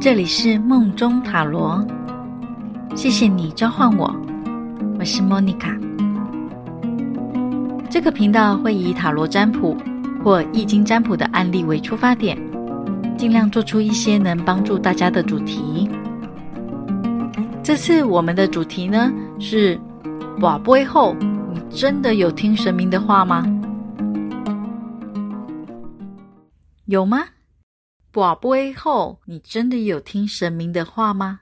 這裡是夢中塔羅，謝謝你召喚我，我是莫妮卡。這個頻道會以塔羅占卜或易經占卜的案例為出發點，盡量做出一些能幫助大家的主題。這次我們的主題呢是：擲筊後，你真的有聽神明的話嗎？有嗎？擲筊後，你真的有聽神明的話嗎？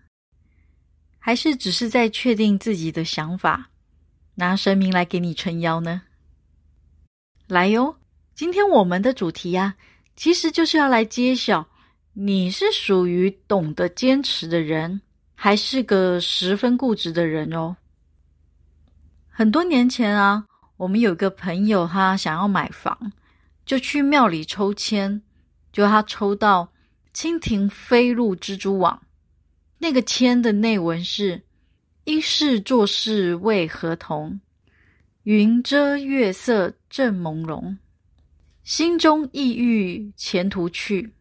還是只是在確定自己的想法，拿神明來給你撐腰呢？來喲、哦，今天我們的主題呀、啊，其實就是要來揭曉，你是屬於懂得堅持的人，還是個十分固執的人哦？很多年前啊，我們有一個朋友，他想要買房，就去廟裡抽簽。就他抽到蜻蜓飛入蜘蛛網，那個籤的內文是：一世做事為何同，雲遮月色正朦朧，心中抑鬱前途去，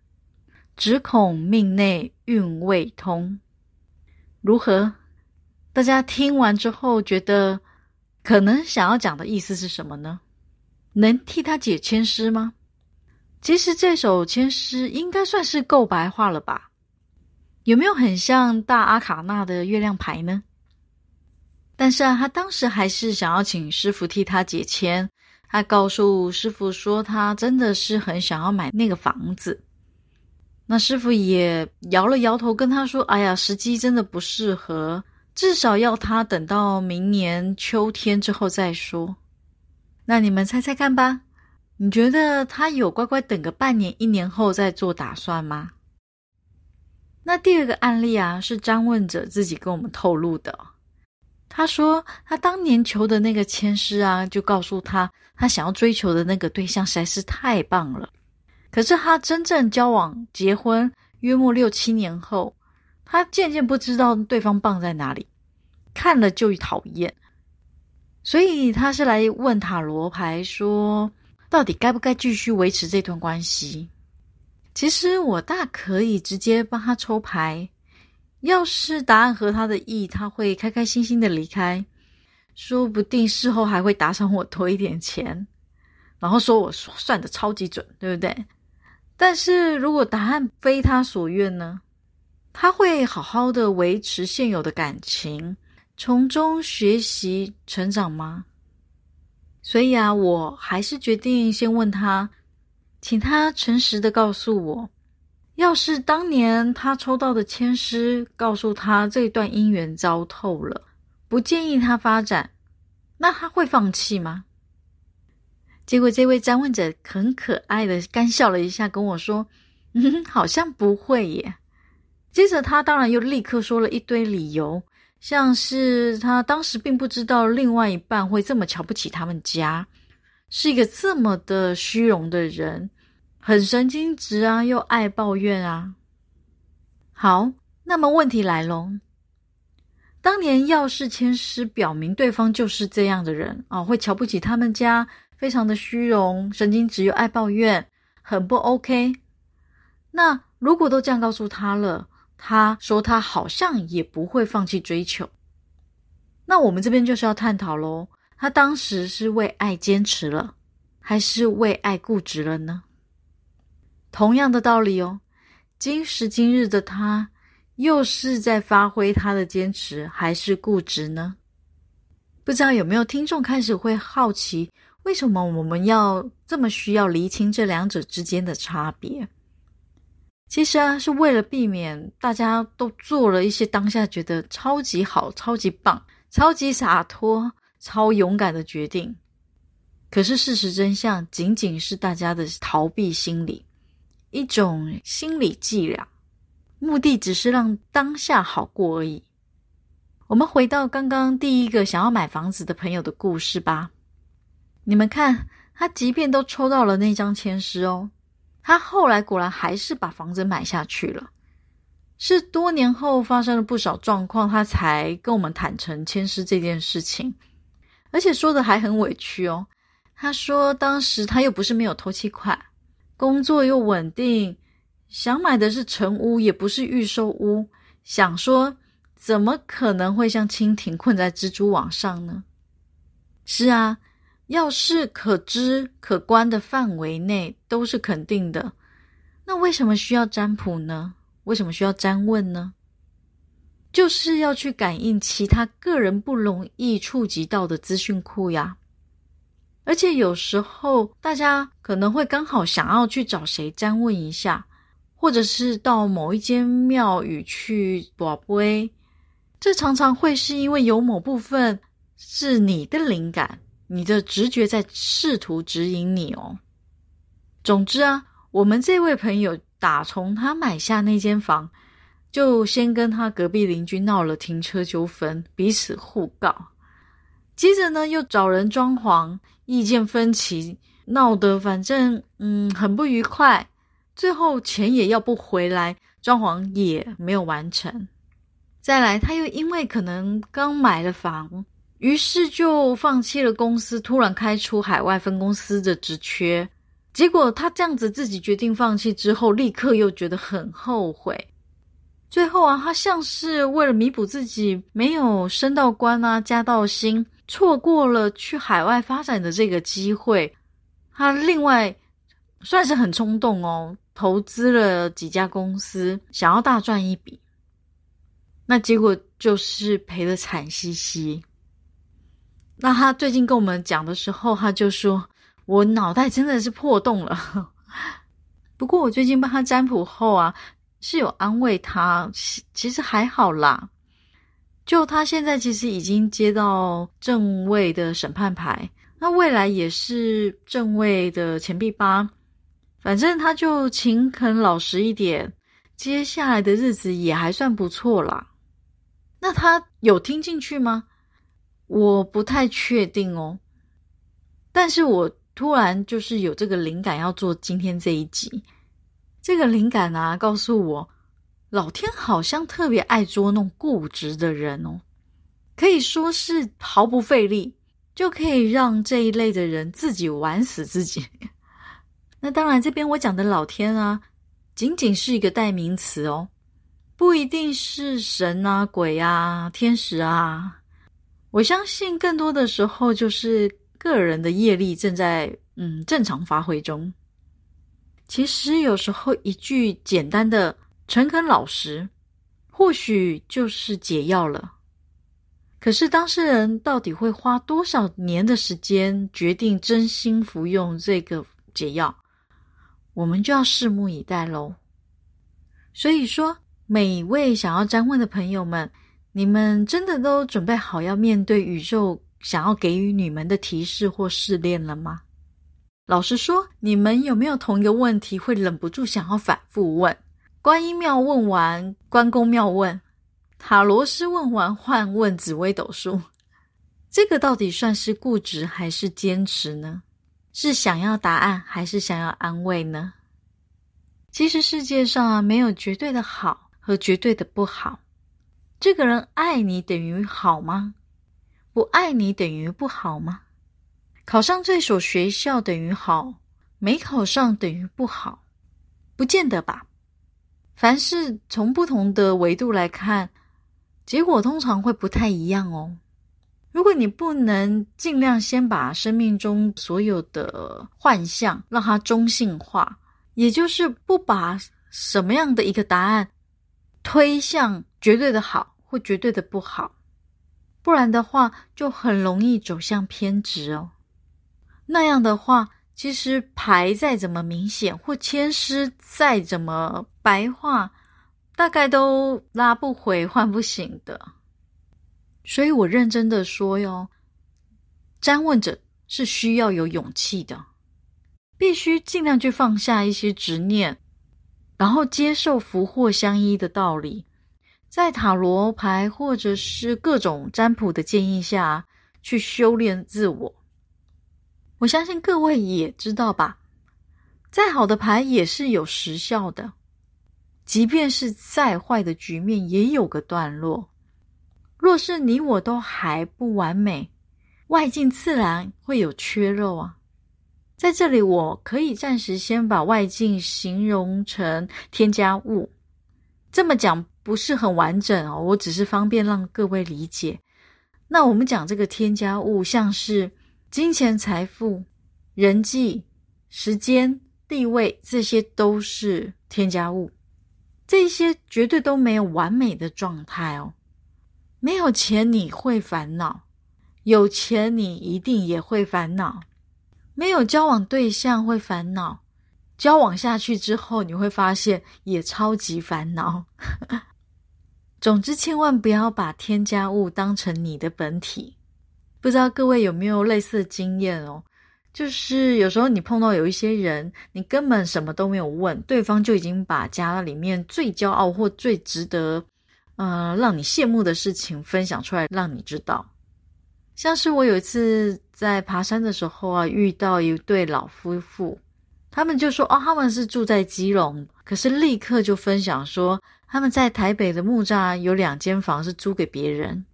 只恐命內運未通。如何？大家聽完之後覺得可能想要講的意思是什麼呢？能替他解籤詩嗎？其實這首籤詩應該算是夠白話了吧？有沒有很像大阿卡納的月亮牌呢？但是啊，他當時還是想要請師傅替他解籤，他告訴師傅說他真的是很想要買那個房子。那師傅也搖了搖頭，跟他說：“哎呀，時機真的不適合，至少要他等到明年秋天之後再說。”那你們猜猜看吧。你覺得他有乖乖等個半年、一年後再做打算嗎？那第二個案例啊，是占問者自己跟我們透露的。他說他當年求的那個籤詩啊，就告訴他他想要追求的那個對象實在是太棒了。可是他真正交往、結婚約莫六七年後，他漸漸不知道對方棒在哪裡，看了就討厭。所以他是來問塔羅牌說。到底該不該繼續維持這段關係？其實我大可以直接幫他抽牌，要是答案合他的意，他會開開心心的離開，說不定事後還會打賞我多一點錢，然後說我算的超級準，對不對？但是如果答案非他所願呢？他會好好的維持現有的感情，從中學習成長嗎？所以啊，我還是決定先問他，請他誠實的告訴我，要是當年他抽到的籤詩告訴他這一段姻緣糟透了，不建議他發展，那他會放棄嗎？結果這位占問者很可愛的乾笑了一下，跟我說：“嗯，好像不會耶。”接着他當然又立刻說了一堆理由。像是他當時並不知道另外一半會這麼瞧不起他們家，是一個這麼的虛榮的人，很神經質啊，又愛抱怨啊。好，那麼問題來咯。當年要是籤詩表明對方就是這樣的人啊，會瞧不起他們家，非常的虛榮，神經質又愛抱怨，很不 OK。那如果都這樣告訴他了？他說：“他好像也不會放棄追求。”那我們這邊就是要探討嘍，他當時是為愛堅持了，還是為愛固執了呢？同樣的道理哦，今時今日的他，又是在發揮他的堅持，還是固執呢？不知道有沒有聽眾開始會好奇，為什麼我們要這麼需要釐清這兩者之間的差別？其實啊，是為了避免大家都做了一些當下覺得超級好、超級棒、超級灑脫、超勇敢的決定。可是事實真相僅僅是大家的逃避心理，一種心理伎倆，目的只是讓當下好過而已。我們回到剛剛第一個想要買房子的朋友的故事吧。你們看他，即便都抽到了那張籤詩哦。他後來果然還是把房子買下去了，是多年後發生了不少狀況，他才跟我們坦誠籤詩這件事情，而且說得還很委屈哦。他說當時他又不是沒有頭期款，工作又穩定，想買的是成屋，也不是預售屋，想說怎麼可能會像蜻蜓困在蜘蛛網上呢？是啊。要是可知可觀的範圍內都是肯定的，那為什麼需要占卜呢？為什麼需要占問呢？就是要去感應其他個人不容易觸及到的資訊庫呀。而且有時候大家可能會剛好想要去找誰占問一下，或者是到某一間廟宇去博杯，這常常會是因為有某部分是你的靈感。你的直覺在試圖指引你哦。總之啊，我們這位朋友打從他買下那間房，就先跟他隔壁鄰居鬧了停車糾紛，彼此互告。接着呢，又找人裝潢，意見分歧，鬧得反正嗯很不愉快。最後錢也要不回來，裝潢也沒有完成。再來，他又因為可能剛買了房。於是就放棄了公司突然開出海外分公司的職缺，結果他這樣子自己決定放棄之後，立刻又覺得很後悔。最後啊，他像是為了彌補自己沒有升到官啊、加到薪、錯過了去海外發展的這個機會，他另外算是很衝動哦，投資了幾家公司，想要大賺一筆。那結果就是賠得慘兮兮。那他最近跟我們講的時候，他就說，我腦袋真的是破洞了。 不過我最近幫他占卜後啊，是有安慰他，其其實還好啦。就他現在其實已經接到正位的審判牌，那未來也是正位的錢幣八，反正他就勤懇老實一點，接下來的日子也還算不錯啦。那他有聽進去嗎？我不太確定哦，但是我突然就是有這個靈感要做今天這一集，這個靈感啊告訴我，老天好像特別愛捉弄固執的人哦，可以說是毫不費力就可以讓這一類的人自己玩死自己。 那當然，這邊我講的老天啊，僅僅是一個代名詞哦，不一定是神啊、鬼啊、天使啊。我相信，更多的時候就是個人的業力正在嗯正常發揮中。其實有時候一句簡單的誠懇老實，或許就是解藥了。可是當事人到底會花多少年的時間決定真心服用這個解藥，我們就要拭目以待嘍。所以說，每一位想要占問的朋友們。你們真的都準備好要面對宇宙想要給予你們的提示或試煉了嗎？老實說，你們有沒有同一個問題會忍不住想要反覆問？觀音廟問完，關公廟問，塔羅師問完換問紫微斗數，這個到底算是固執還是堅持呢？是想要答案還是想要安慰呢？其實世界上啊，沒有絕對的好和絕對的不好。這個人愛你等於好嗎？不愛你等於不好嗎？考上這所學校等於好，沒考上等於不好，不見得吧？凡事從不同的維度來看，結果通常會不太一樣哦。如果你不能盡量先把生命中所有的幻象讓它中性化，也就是不把什麼樣的一個答案推向絕對的好，會絕對的不好，不然的話就很容易走向偏執哦。那樣的話，其實牌再怎麼明顯，或籤詩再怎麼白話，大概都拉不回、喚不醒的。所以我認真的說喲，占問者是需要有勇氣的，必須盡量去放下一些執念，然後接受福禍相依的道理。在塔羅牌或者是各種占卜的建議下去修煉自我，我相信各位也知道吧。再好的牌也是有時效的，即便是再壞的局面也有個段落。若是你我都還不完美，外境自然會有缺漏啊。在這裡，我可以暫時先把外境形容成添加物，這麼講。不是很完整哦，我只是方便讓各位理解。那我們講這個添加物，像是金錢、財富、人際、時間、地位，這些都是添加物。這些絕對都沒有完美的狀態哦。沒有錢你會煩惱，有錢你一定也會煩惱。沒有交往對象會煩惱，交往下去之後你會發現也超級煩惱。 總之，千萬不要把添加物當成你的本體。不知道各位有沒有類似的經驗哦？就是有時候你碰到有一些人，你根本什麼都沒有問，對方就已經把家裡面最驕傲或最值得，呃，讓你羨慕的事情分享出來，讓你知道。像是我有一次在爬山的時候啊，遇到一對老夫婦。他們就說：“哦，他們是住在基隆。”可是立刻就分享說他們在台北的木柵有兩間房是租給別人。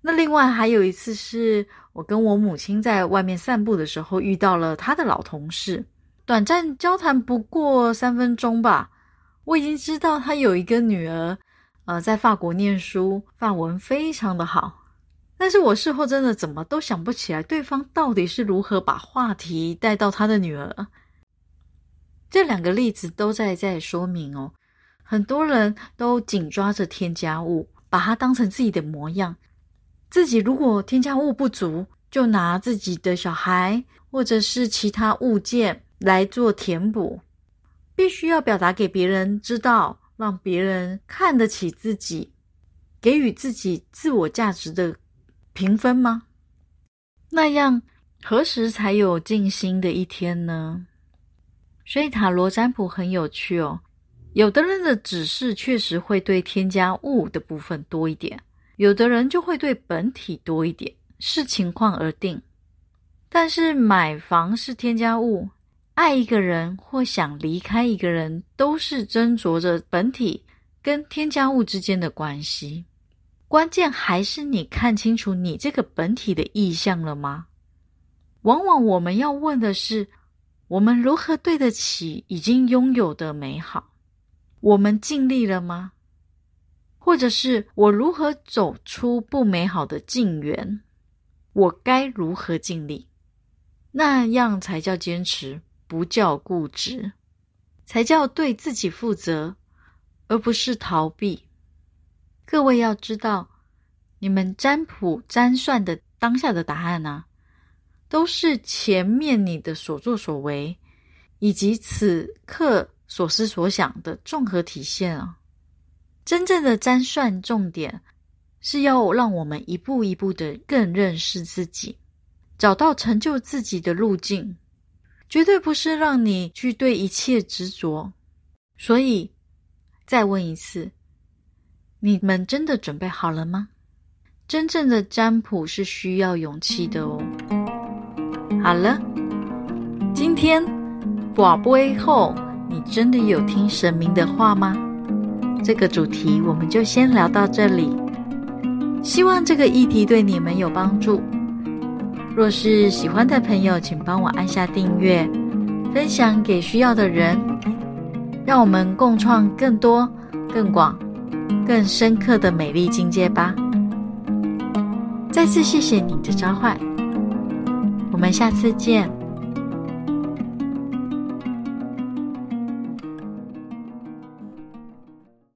那另外還有一次是我跟我母親在外面散步的時候遇到了她的老同事，短暫交談不過三分鐘吧。我已經知道她有一個女兒，呃，在法國念書，法文非常的好。但是我事後真的怎麼都想不起來對方到底是如何把話題帶到她的女兒。這兩個例子都在在說明哦，很多人都緊抓着添加物，把它當成自己的模樣。自己如果添加物不足，就拿自己的小孩或者是其他物件來做填補，必須要表達給別人知道，讓別人看得起自己，給予自己自我價值的評分嗎？那樣何時才有靜心的一天呢？所以塔羅占卜很有趣哦，有的人的指示確實會對添加物的部分多一點，有的人就會對本體多一點，視情況而定。但是買房是添加物，愛一個人或想離開一個人，都是斟酌着本體跟添加物之間的關係。關鍵還是你看清楚你這個本體的意向了嗎？往往我們要問的是，我們如何對得起已經擁有的美好？我們盡力了嗎？或者是我如何走出不美好的境緣？我該如何盡力？那樣才叫堅持，不叫固執，才叫對自己負責，而不是逃避。各位要知道，你們占卜占算的當下的答案呢、啊？都是前面你的所作所為，以及此刻所思所想的綜合體現啊！真正的占算重點是要讓我們一步一步的更認識自己，找到成就自己的路徑，絕對不是讓你去對一切執着。所以，再問一次，你們真的準備好了嗎？真正的占卜是需要勇氣的哦。嗯好了，今天擲筊後，你真的有聽神明的話嗎？這個主題我們就先聊到這裡。希望這個議題對你們有幫助。若是喜歡的朋友，請幫我按下訂閱，分享給需要的人，讓我們共創更多、更廣、更深刻的美麗境界吧。再次謝謝你的召喚。我們下次見。